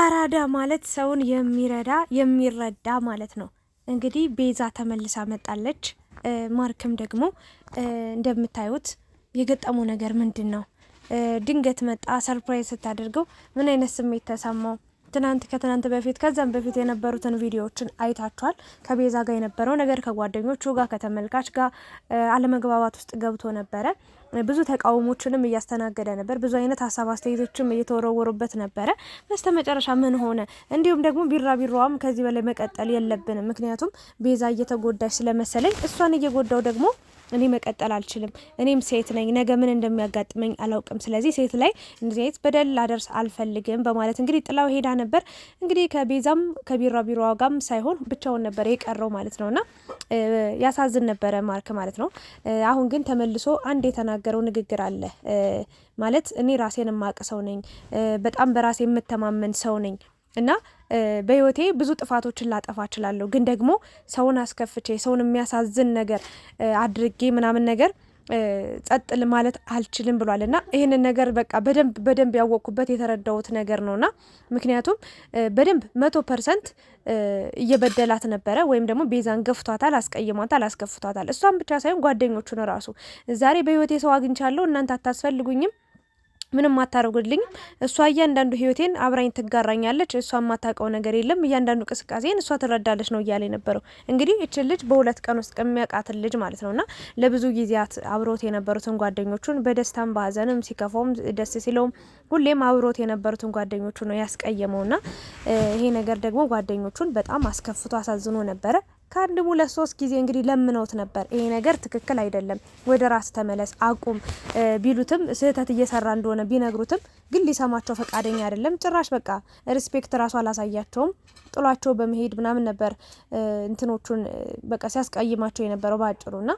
አራዳ ማለት ሰውን የሚረዳ የሚረዳ ማለት ነው። እንግዲህ ቤዛ ተመልሳ መጣለች። ማርክም ደግሞ እንደምታዩት የገጠመው ነገር ምንድን ነው? ድንገት መጣ። ሰርፕራይዝ ስታደርገው ምን አይነት ስሜት ተሰማው? ትናንት ከትናንት በፊት ከዛም በፊት የነበሩትን ቪዲዮዎችን አይታችኋል። ከቤዛ ጋር የነበረው ነገር ከጓደኞቹ ጋር ከተመልካች ጋር አለመግባባት ውስጥ ገብቶ ነበረ። ብዙ ተቃውሞችንም እያስተናገደ ነበር። ብዙ አይነት ሀሳብ አስተያየቶችም እየተወረወሩበት ነበረ። በስተ መጨረሻ ምን ሆነ? እንዲሁም ደግሞ ቢራቢሮዋም ከዚህ በላይ መቀጠል የለብንም ምክንያቱም ቤዛ እየተጎዳች ስለመሰለኝ እሷን እየጎዳው ደግሞ እኔ መቀጠል አልችልም፣ እኔም ሴት ነኝ፣ ነገ ምን እንደሚያጋጥመኝ አላውቅም፣ ስለዚህ ሴት ላይ እንደዚህ አይነት በደል ላደርስ አልፈልግም በማለት እንግዲህ ጥላው ሄዳ ነበር። እንግዲህ ከቤዛም ከቢራቢሮዋ ጋም ሳይሆን ብቻውን ነበር የቀረው ማለት ነውና ያሳዝን ነበረ ማርክ ማለት ነው። አሁን ግን ተመልሶ አንድ የተናገረው ንግግር አለ ማለት እኔ ራሴን የማቅ ሰው ነኝ፣ በጣም በራሴ የምተማመን ሰው ነኝ እና በህይወቴ ብዙ ጥፋቶችን ላጠፋ እችላለሁ፣ ግን ደግሞ ሰውን አስከፍቼ ሰውን የሚያሳዝን ነገር አድርጌ ምናምን ነገር ጸጥል ማለት አልችልም ብሏል እና ይህንን ነገር በቃ በደንብ በደንብ ያወቅኩበት የተረዳሁት ነገር ነውና ምክንያቱም በደንብ መቶ ፐርሰንት እየበደላት ነበረ፣ ወይም ደግሞ ቤዛን ገፍቷታል፣ አስቀይሟታል፣ አስከፍቷታል። እሷን ብቻ ሳይሆን ጓደኞቹን ራሱ ዛሬ በህይወቴ ሰው አግኝቻለሁ እናንተ አታስፈልጉኝም ምንም አታደርጉልኝም። እሷ እያንዳንዱ ህይወቴን አብራኝ ትጋራኛለች። እሷ የማታውቀው ነገር የለም። እያንዳንዱ እንቅስቃሴን እሷ ትረዳለች ነው እያለ የነበረው። እንግዲህ እች ልጅ በሁለት ቀን ውስጥ የሚያውቃትን ልጅ ማለት ነውና ለብዙ ጊዜያት አብሮት የነበሩትን ጓደኞቹን በደስታም በሀዘንም ሲከፋውም ደስ ሲለውም ሁሌም አብሮት የነበሩትን ጓደኞቹ ነው እና ይሄ ነገር ደግሞ ጓደኞቹን በጣም አስከፍቶ አሳዝኖ ነበረ። ከአንድ ሁለት ሶስት ጊዜ እንግዲህ ለምነውት ነበር። ይሄ ነገር ትክክል አይደለም፣ ወደ ራስ ተመለስ፣ አቁም ቢሉትም ስህተት እየሰራ እንደሆነ ቢነግሩትም ግን ሊሰማቸው ፈቃደኛ አይደለም። ጭራሽ በቃ ሪስፔክት ራሱ አላሳያቸውም። ጥሏቸው በመሄድ ምናምን ነበር እንትኖቹን በቃ ሲያስቀይማቸው የነበረው በአጭሩና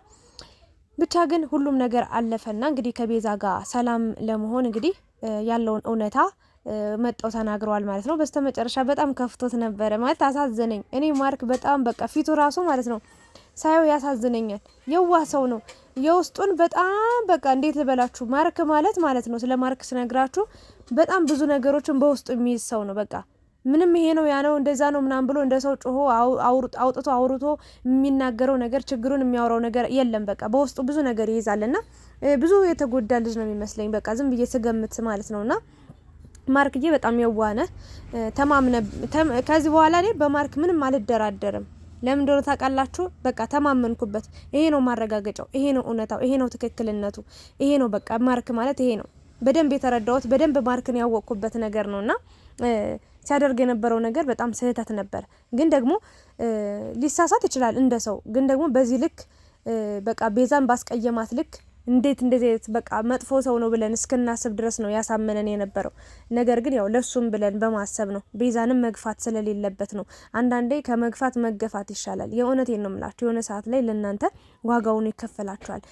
ብቻ ግን ሁሉም ነገር አለፈና እንግዲህ ከቤዛ ጋር ሰላም ለመሆን እንግዲህ ያለውን እውነታ መጠው ተናግረዋል ማለት ነው። በስተመጨረሻ በጣም ከፍቶት ነበረ ማለት አሳዘነኝ። እኔ ማርክ በጣም በቃ ፊቱ ራሱ ማለት ነው ሳየው ያሳዝነኛል። የዋ ሰው ነው። የውስጡን በጣም በቃ እንዴት ልበላችሁ፣ ማርክ ማለት ማለት ነው ስለ ማርክ ስነግራችሁ በጣም ብዙ ነገሮችን በውስጡ የሚይዝ ሰው ነው። በቃ ምንም ይሄ ነው ያ ነው እንደዛ ነው ምናምን ብሎ እንደ ሰው ጮሆ አውጥቶ አውርቶ የሚናገረው ነገር ችግሩን የሚያወራው ነገር የለም። በቃ በውስጡ ብዙ ነገር ይይዛልና ብዙ የተጎዳ ልጅ ነው የሚመስለኝ። በቃ ዝም ብዬ ስገምት ማለት ነውና ማርክዬ በጣም የዋነ ተማምነ ከዚህ በኋላ ላይ በማርክ ምንም አልደራደርም። ለምን እንደሆነ ታውቃላችሁ? በቃ ተማመንኩበት። ይሄ ነው ማረጋገጫው፣ ይሄ ነው እውነታው፣ ይሄ ነው ትክክልነቱ፣ ይሄ ነው በቃ ማርክ ማለት ይሄ ነው። በደንብ የተረዳሁት በደንብ ማርክን ያወቅኩበት ነገር ነውና ሲያደርግ የነበረው ነገር በጣም ስህተት ነበር። ግን ደግሞ ሊሳሳት ይችላል እንደ ሰው ግን ደግሞ በዚህ ልክ በቃ ቤዛን ባስቀየማት ልክ እንዴት እንደዚህ አይነት በቃ መጥፎ ሰው ነው ብለን እስክናስብ ድረስ ነው ያሳመነን የነበረው። ነገር ግን ያው ለሱም ብለን በማሰብ ነው ቤዛንም መግፋት ስለሌለበት ነው። አንዳንዴ ከመግፋት መገፋት ይሻላል። የእውነቴን ነው ምላችሁ የሆነ ሰዓት ላይ ለእናንተ ዋጋውን ይከፈላችኋል።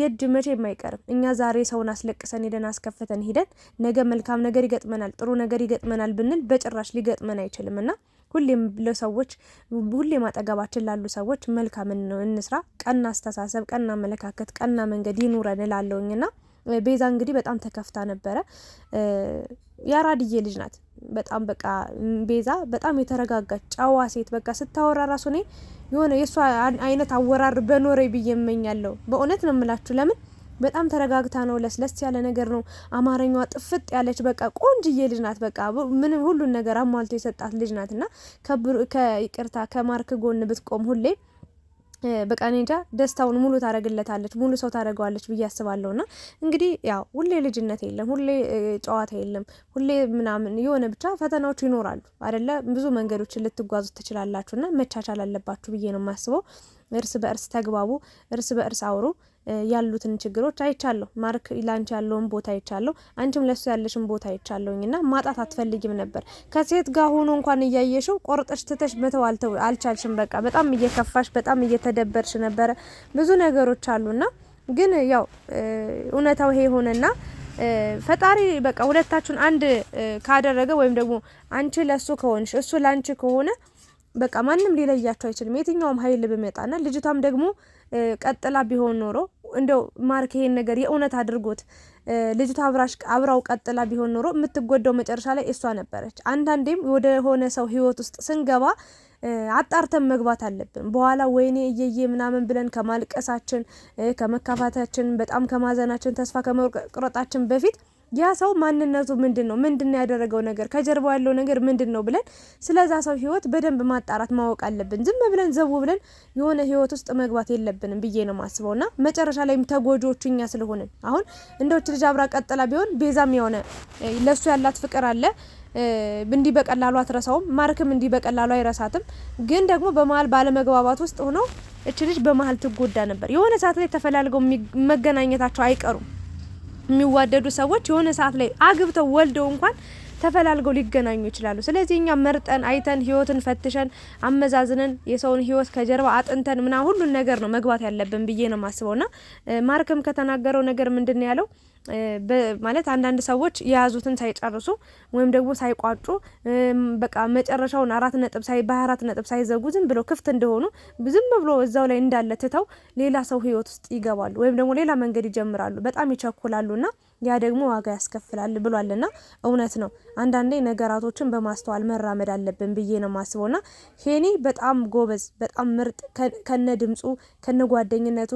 የእጅ መቼ አይቀርም። እኛ ዛሬ ሰውን አስለቅሰን ሄደን አስከፍተን ሂደን ነገ መልካም ነገር ይገጥመናል፣ ጥሩ ነገር ይገጥመናል ብንል በጭራሽ ሊገጥመን አይችልም እና ሁሌም ለሰዎች ሁሌም አጠገባችን ላሉ ሰዎች መልካም እንስራ፣ ቀና አስተሳሰብ፣ ቀና አመለካከት፣ ቀና መንገድ ይኑረን ና ቤዛ እንግዲህ በጣም ተከፍታ ነበረ። የአራድዬ ልጅ ናት። በጣም በቃ ቤዛ በጣም የተረጋጋች ጨዋ ሴት በቃ ስታወራ ራሱ እኔ የሆነ የእሷ አይነት አወራር በኖረ ብዬ እመኛለሁ። በእውነት ነው የምላችሁ ለምን በጣም ተረጋግታ ነው። ለስለስ ያለ ነገር ነው። አማርኛዋ ጥፍጥ ያለች በቃ ቆንጅዬ ልጅ ናት። በቃ ምንም ሁሉን ነገር አሟልቶ የሰጣት ልጅ ናት እና ከይቅርታ ከማርክ ጎን ብትቆም ሁሌ በቃ እኔ እንጃ ደስታውን ሙሉ ታደረግለታለች ሙሉ ሰው ታደረገዋለች ብዬ አስባለሁ። ና እንግዲህ ያው ሁሌ ልጅነት የለም፣ ሁሌ ጨዋታ የለም፣ ሁሌ ምናምን የሆነ ብቻ ፈተናዎች ይኖራሉ አደለ? ብዙ መንገዶችን ልትጓዙ ትችላላችሁ። ና መቻቻል አለባችሁ ብዬ ነው የማስበው። እርስ በእርስ ተግባቡ፣ እርስ በእርስ አውሩ። ያሉትን ችግሮች አይቻለሁ። ማርክ ላንቺ ያለውን ቦታ አይቻለሁ። አንቺም ለሱ ያለሽን ቦታ አይቻለሁኝ እና ማጣት አትፈልጊም ነበር። ከሴት ጋር ሆኖ እንኳን እያየሽው ቆርጠሽ ትተሽ መተው አልቻልሽም። በቃ በጣም እየከፋሽ፣ በጣም እየተደበርሽ ነበረ። ብዙ ነገሮች አሉና ግን ያው እውነታው ይሄ ሆነና ፈጣሪ በቃ ሁለታችሁን አንድ ካደረገ ወይም ደግሞ አንቺ ለሱ ከሆንሽ እሱ ላንቺ ከሆነ በቃ ማንም ሊለያቸው አይችልም የትኛውም ኃይል ብመጣና ልጅቷም ደግሞ ቀጥላ ቢሆን ኖሮ እንደው ማርክ ይሄን ነገር የእውነት አድርጎት ልጅቷ አብራሽ አብራው ቀጥላ ቢሆን ኖሮ የምትጎዳው መጨረሻ ላይ እሷ ነበረች። አንዳንዴም ወደ ሆነ ሰው ህይወት ውስጥ ስንገባ አጣርተን መግባት አለብን። በኋላ ወይኔ እየዬ ምናምን ብለን ከማልቀሳችን፣ ከመካፋታችን፣ በጣም ከማዘናችን፣ ተስፋ ከመቁረጣችን በፊት ያ ሰው ማንነቱ ምንድን ነው? ምንድን ያደረገው ነገር ከጀርባው ያለው ነገር ምንድን ነው ብለን ስለዛ ሰው ህይወት በደንብ ማጣራት ማወቅ አለብን። ዝም ብለን ዘው ብለን የሆነ ህይወት ውስጥ መግባት የለብንም ብዬ ነው ማስበው እና መጨረሻ ላይም ተጎጂዎቹ እኛ ስለሆንን አሁን እንደዎች ልጅ አብራ ቀጥላ ቢሆን ቤዛም የሆነ ለሱ ያላት ፍቅር አለ እንዲህ በቀላሉ አትረሳውም። ማርክም እንዲህ በቀላሉ አይረሳትም። ግን ደግሞ በመሀል ባለመግባባት ውስጥ ሆኖ እች ልጅ በመሀል ትጎዳ ነበር። የሆነ ሰዓት ላይ ተፈላልገው መገናኘታቸው አይቀሩም። የሚዋደዱ ሰዎች የሆነ ሰዓት ላይ አግብተው ወልደው እንኳን ተፈላልገው ሊገናኙ ይችላሉ። ስለዚህ እኛ መርጠን አይተን ህይወትን ፈትሸን አመዛዝነን የሰውን ህይወት ከጀርባ አጥንተን ምና ሁሉን ነገር ነው መግባት ያለብን ብዬ ነው የማስበው። ና ማርክም ከተናገረው ነገር ምንድን ያለው? ማለት አንዳንድ ሰዎች የያዙትን ሳይጨርሱ ወይም ደግሞ ሳይቋጩ በቃ መጨረሻውን አራት ነጥብ ሳይ በአራት ነጥብ ሳይዘጉ ዝም ብሎ ክፍት እንደሆኑ ዝም ብሎ እዛው ላይ እንዳለ ትተው ሌላ ሰው ህይወት ውስጥ ይገባሉ ወይም ደግሞ ሌላ መንገድ ይጀምራሉ። በጣም ይቸኩላሉና ያ ደግሞ ዋጋ ያስከፍላል ብሏልና እውነት ነው። አንዳንዴ ነገራቶችን በማስተዋል መራመድ አለብን ብዬ ነው ማስበው። ና ሄኒ በጣም ጎበዝ፣ በጣም ምርጥ ከነ ድምፁ ከነ ጓደኝነቱ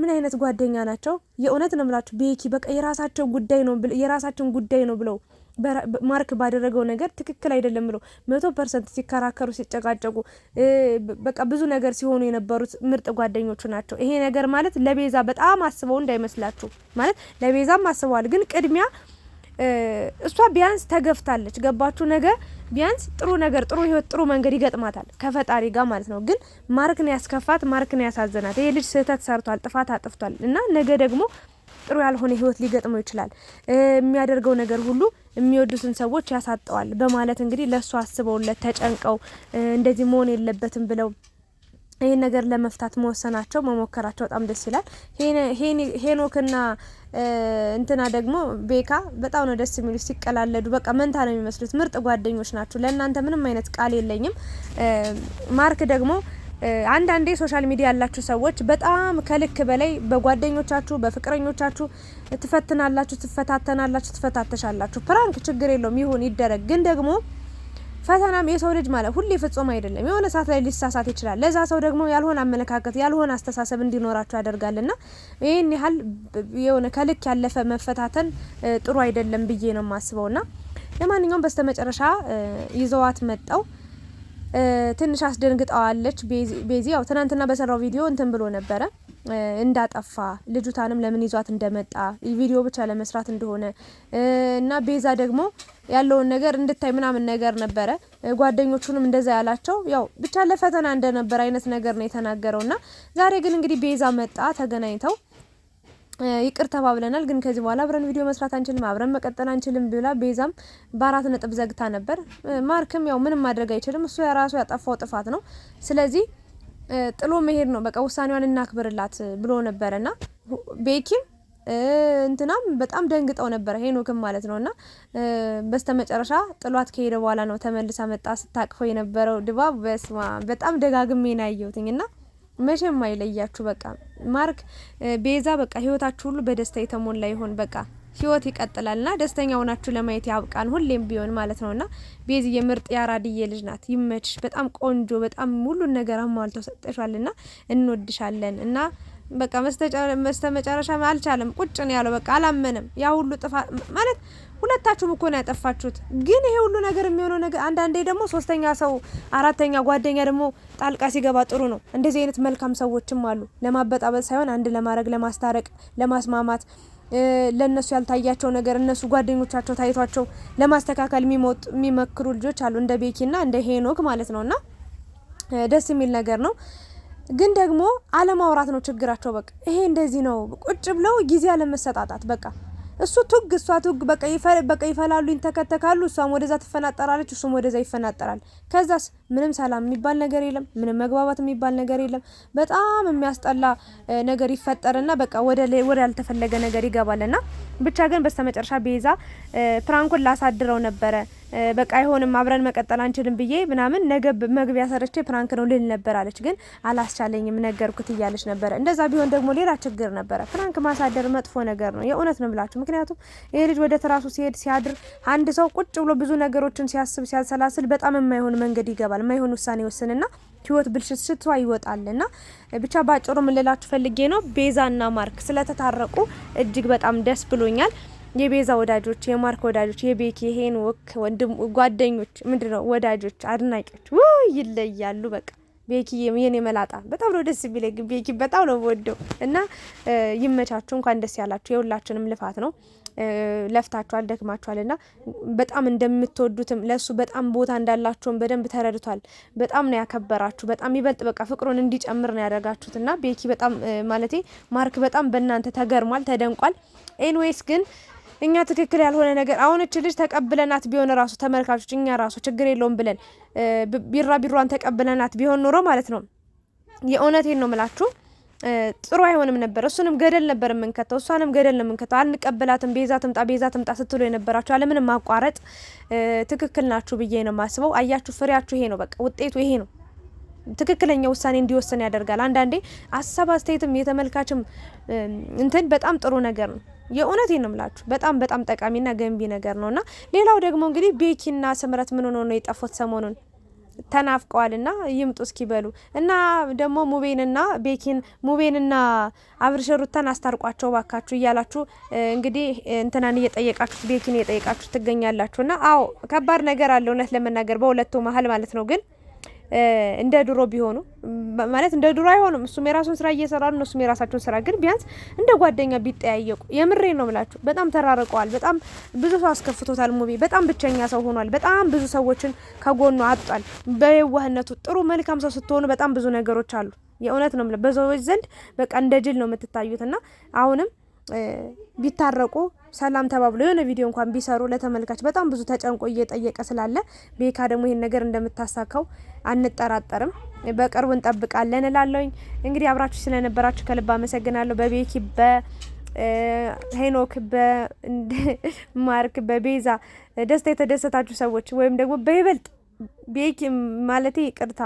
ምን አይነት ጓደኛ ናቸው? የእውነት ነው ምላችሁ ቤኪ በቃ የራሳቸው ጉዳይ ነው የራሳቸውን ጉዳይ ነው ብለው ማርክ ባደረገው ነገር ትክክል አይደለም ብሎ መቶ ፐርሰንት ሲከራከሩ ሲጨቃጨቁ በቃ ብዙ ነገር ሲሆኑ የነበሩት ምርጥ ጓደኞቹ ናቸው። ይሄ ነገር ማለት ለቤዛ በጣም አስበው እንዳይመስላችሁ ማለት ለቤዛም አስበዋል፣ ግን ቅድሚያ እሷ ቢያንስ ተገፍታለች። ገባችሁ ነገ ቢያንስ ጥሩ ነገር ጥሩ ህይወት ጥሩ መንገድ ይገጥማታል ከፈጣሪ ጋር ማለት ነው። ግን ማርክን ያስከፋት ማርክን ያሳዘናት ይሄ ልጅ ስህተት ሰርቷል፣ ጥፋት አጥፍቷል እና ነገ ደግሞ ጥሩ ያልሆነ ህይወት ሊገጥመው ይችላል። የሚያደርገው ነገር ሁሉ የሚወዱትን ሰዎች ያሳጠዋል በማለት እንግዲህ ለእሱ አስበውለት ተጨንቀው እንደዚህ መሆን የለበትም ብለው ይህን ነገር ለመፍታት መወሰናቸው መሞከራቸው በጣም ደስ ይላል። ሄኖክና እንትና ደግሞ ቤካ በጣም ነው ደስ የሚሉ ሲቀላለዱ፣ በቃ መንታ ነው የሚመስሉት። ምርጥ ጓደኞች ናቸው። ለእናንተ ምንም አይነት ቃል የለኝም። ማርክ ደግሞ አንዳንዴ ሶሻል ሚዲያ ያላችሁ ሰዎች በጣም ከልክ በላይ በጓደኞቻችሁ በፍቅረኞቻችሁ ትፈትናላችሁ፣ ትፈታተናላችሁ፣ ትፈታተሻላችሁ። ፕራንክ ችግር የለውም ይሁን ይደረግ። ግን ደግሞ ፈተናም የሰው ልጅ ማለት ሁሌ ፍጹም አይደለም። የሆነ ሰዓት ላይ ሊሳሳት ይችላል። ለዛ ሰው ደግሞ ያልሆነ አመለካከት ያልሆነ አስተሳሰብ እንዲኖራቸው ያደርጋልና ይህን ያህል የሆነ ከልክ ያለፈ መፈታተን ጥሩ አይደለም ብዬ ነው የማስበውና ለማንኛውም በስተመጨረሻ ይዘዋት መጣው ትንሽ አስደንግጣዋለች። ቤዚ ያው ትናንትና በሰራው ቪዲዮ እንትን ብሎ ነበረ እንዳጠፋ ልጁታንም ለምን ይዟት እንደመጣ ቪዲዮ ብቻ ለመስራት እንደሆነ እና ቤዛ ደግሞ ያለውን ነገር እንድታይ ምናምን ነገር ነበረ ጓደኞቹንም እንደዛ ያላቸው ያው ብቻ ለፈተና እንደነበር አይነት ነገር ነው የተናገረው። እና ዛሬ ግን እንግዲህ ቤዛ መጣ ተገናኝተው ይቅር ተባብለናል፣ ግን ከዚህ በኋላ አብረን ቪዲዮ መስራት አንችልም፣ አብረን መቀጠል አንችልም ብላ ቤዛም በአራት ነጥብ ዘግታ ነበር። ማርክም ያው ምንም ማድረግ አይችልም፣ እሱ የራሱ ያጠፋው ጥፋት ነው። ስለዚህ ጥሎ መሄድ ነው በቃ ውሳኔዋን እናክብርላት ብሎ ነበረና ቤኪም እንትናም በጣም ደንግጠው ነበረ፣ ሄኖክም ማለት ነው። እና በስተመጨረሻ ጥሏት ከሄደ በኋላ ነው ተመልሳ መጣ ስታቅፈው የነበረው ድባብ። በስማ በጣም ደጋግሜ ናየሁትኝ እና መቼም አይለያችሁ። በቃ ማርክ ቤዛ፣ በቃ ህይወታችሁ ሁሉ በደስታ የተሞላ ይሆን። በቃ ህይወት ይቀጥላልና ደስተኛ ሆናችሁ ለማየት ያብቃን ሁሌም ቢሆን ማለት ነውና፣ ቤዚ የምርጥ ያራድዬ ልጅ ናት። ይመችሽ። በጣም ቆንጆ፣ በጣም ሙሉን ነገር አሟልተው ና እንወድሻለን እና በቃ መስተመጨረሻ አልቻለም። ቁጭ ነው ያለው። በቃ አላመነም። ያ ሁሉ ጥፋት ማለት ሁለታችሁም እኮ ነው ያጠፋችሁት። ግን ይሄ ሁሉ ነገር የሚሆነው ነገር አንዳንዴ ደግሞ ሶስተኛ ሰው አራተኛ ጓደኛ ደግሞ ጣልቃ ሲገባ ጥሩ ነው። እንደዚህ አይነት መልካም ሰዎችም አሉ። ለማበጣበጥ ሳይሆን አንድ ለማድረግ፣ ለማስታረቅ፣ ለማስማማት ለእነሱ ያልታያቸው ነገር እነሱ ጓደኞቻቸው ታይቷቸው ለማስተካከል የሚመክሩ ልጆች አሉ። እንደ ቤኪና እንደ ሄኖክ ማለት ነው እና ደስ የሚል ነገር ነው። ግን ደግሞ አለማውራት ነው ችግራቸው። በቃ ይሄ እንደዚህ ነው ቁጭ ብለው ጊዜ አለመሰጣጣት። በቃ እሱ ቱግ እሷ ቱግ በቃ ይፈላሉ፣ ይንተከተካሉ። እሷም ወደዛ ትፈናጠራለች፣ እሱም ወደዛ ይፈናጠራል። ከዛስ ምንም ሰላም የሚባል ነገር የለም፣ ምንም መግባባት የሚባል ነገር የለም። በጣም የሚያስጠላ ነገር ይፈጠርና በቃ ወደ ያልተፈለገ ነገር ይገባልና ብቻ ግን በስተመጨረሻ ቤዛ ፕራንኩን ላሳድረው ነበረ በቃ አይሆንም አብረን መቀጠል አንችልም ብዬ ምናምን ነገ መግቢያ ሰርቼ ፕራንክ ነው ልል ነበር አለች። ግን አላስቻለኝም ነገርኩት እያለች ነበረ። እንደዛ ቢሆን ደግሞ ሌላ ችግር ነበረ። ፕራንክ ማሳደር መጥፎ ነገር ነው፣ የእውነት ነው ብላችሁ። ምክንያቱም ይሄ ልጅ ወደ ተራሱ ሲሄድ ሲያድር አንድ ሰው ቁጭ ብሎ ብዙ ነገሮችን ሲያስብ ሲያሰላስል በጣም የማይሆን መንገድ ይገባል፣ የማይሆን ውሳኔ ወስንና ህይወት ብልሽት ይወጣል። ይወጣልና ብቻ ባጭሩ ምልላችሁ ፈልጌ ነው ቤዛና ማርክ ስለተታረቁ እጅግ በጣም ደስ ብሎኛል። የቤዛ ወዳጆች፣ የማርክ ወዳጆች፣ የቤኪ ወክ ወንድም ጓደኞች፣ ምንድን ነው ወዳጆች፣ አድናቂዎች ው ይለያሉ። በቃ ቤኪ የኔ መላጣ በጣም ነው ደስ የሚለኝ። ቤኪ በጣም ነው ወደው እና ይመቻችሁ፣ እንኳን ደስ ያላችሁ። የሁላችንም ልፋት ነው። ለፍታችኋል፣ ደክማችኋል እና በጣም እንደምትወዱትም ለእሱ በጣም ቦታ እንዳላችሁም በደንብ ተረድቷል። በጣም ነው ያከበራችሁ። በጣም ይበልጥ በቃ ፍቅሩን እንዲጨምር ነው ያደረጋችሁት እና ቤኪ በጣም ማለቴ ማርክ በጣም በእናንተ ተገርሟል፣ ተደንቋል። ኤንዌይስ ግን እኛ ትክክል ያልሆነ ነገር አሁንች ልጅ ተቀብለናት ቢሆን ራሱ ተመልካቾች እኛ ራሱ ችግር የለውም ብለን ቢራቢሯን ተቀብለናት ቢሆን ኖሮ ማለት ነው የእውነቴን ነው ምላችሁ ጥሩ አይሆንም ነበር። እሱንም ገደል ነበር የምንከተው፣ እሷንም ገደል ነው የምንከተው። አንቀበላትም። ቤዛ ትምጣ፣ ቤዛ ትምጣ ስትሉ የነበራችሁ አለምንም ማቋረጥ ትክክል ናችሁ ብዬ ነው የማስበው። አያችሁ፣ ፍሬያችሁ ይሄ ነው። በቃ ውጤቱ ይሄ ነው። ትክክለኛ ውሳኔ እንዲወሰን ያደርጋል። አንዳንዴ አሳብ አስተያየትም የተመልካችም እንትን በጣም ጥሩ ነገር ነው። የእውነት ይንምላችሁ በጣም በጣም ጠቃሚና ገንቢ ነገር ነው። እና ሌላው ደግሞ እንግዲህ ቤኪና ስምረት ምን ሆኖ ነው የጠፉት ሰሞኑን? ተናፍቀዋልና ይምጡ እስኪ በሉ እና ደግሞ ሙቤንና ቤኪን ሙቤንና አብርሽ ሩታን አስታርቋቸው ባካችሁ እያላችሁ እንግዲህ እንትናን እየጠየቃችሁ ቤኪን እየጠየቃችሁ ትገኛላችሁ። እና አዎ ከባድ ነገር አለ እውነት ለመናገር በሁለቱ መሀል ማለት ነው ግን እንደ ድሮ ቢሆኑ ማለት እንደ ድሮ አይሆኑም። እሱም የራሱን ስራ እየሰራ ነው፣ እሱም የራሳቸውን ስራ ግን ቢያንስ እንደ ጓደኛ ቢጠያየቁ። የምሬ ነው ምላችሁ፣ በጣም ተራርቀዋል። በጣም ብዙ ሰው አስከፍቶታል። ሙቢ በጣም ብቸኛ ሰው ሆኗል። በጣም ብዙ ሰዎችን ከጎኑ አጥቷል። በየዋህነቱ ጥሩ መልካም ሰው ስትሆኑ በጣም ብዙ ነገሮች አሉ። የእውነት ነው በሰዎች ዘንድ በቃ እንደ ጅል ነው የምትታዩትና አሁንም ቢታረቁ ሰላም ተባብሎ የሆነ ቪዲዮ እንኳን ቢሰሩ ለተመልካች በጣም ብዙ ተጨንቆ እየጠየቀ ስላለ ቤካ ደግሞ ይህን ነገር እንደምታሳካው አንጠራጠርም። በቅርቡ እንጠብቃለን እላለሁኝ። እንግዲህ አብራችሁ ስለነበራችሁ ከልብ አመሰግናለሁ። በቤኪ በሄኖክ በማርክ በቤዛ ደስታ የተደሰታችሁ ሰዎች ወይም ደግሞ በይበልጥ ቤኪ ማለት ይቅርታ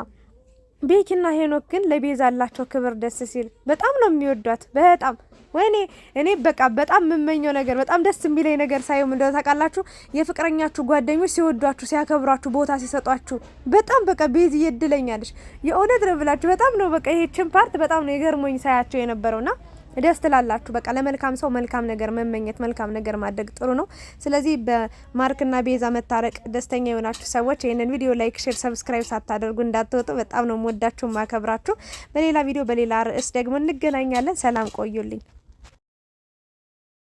ቤኪና ሄኖክ ግን ለቤዛ አላቸው ክብር ደስ ሲል በጣም ነው የሚወዷት በጣም ወይኔ እኔ በቃ በጣም የምመኘው ነገር በጣም ደስ የሚለኝ ነገር ሳይሆን እንደው ታውቃላችሁ የፍቅረኛችሁ ጓደኞች ሲወዷችሁ ሲያከብሯችሁ ቦታ ሲሰጧችሁ በጣም በቃ ቤዝ እየድለኛለች የእውነት ነው ብላችሁ በጣም ነው በቃ ይሄችን ፓርት በጣም ነው የገርሞኝ ሳያቸው የነበረውና ደስ ትላላችሁ። በቃ ለመልካም ሰው መልካም ነገር መመኘት መልካም ነገር ማድረግ ጥሩ ነው። ስለዚህ በማርክና ቤዛ መታረቅ ደስተኛ የሆናችሁ ሰዎች ይህንን ቪዲዮ ላይክ፣ ሼር፣ ሰብስክራይብ ሳታደርጉ እንዳትወጡ። በጣም ነው የምወዳችሁ ማከብራችሁ። በሌላ ቪዲዮ በሌላ ርዕስ ደግሞ እንገናኛለን። ሰላም ቆዩልኝ።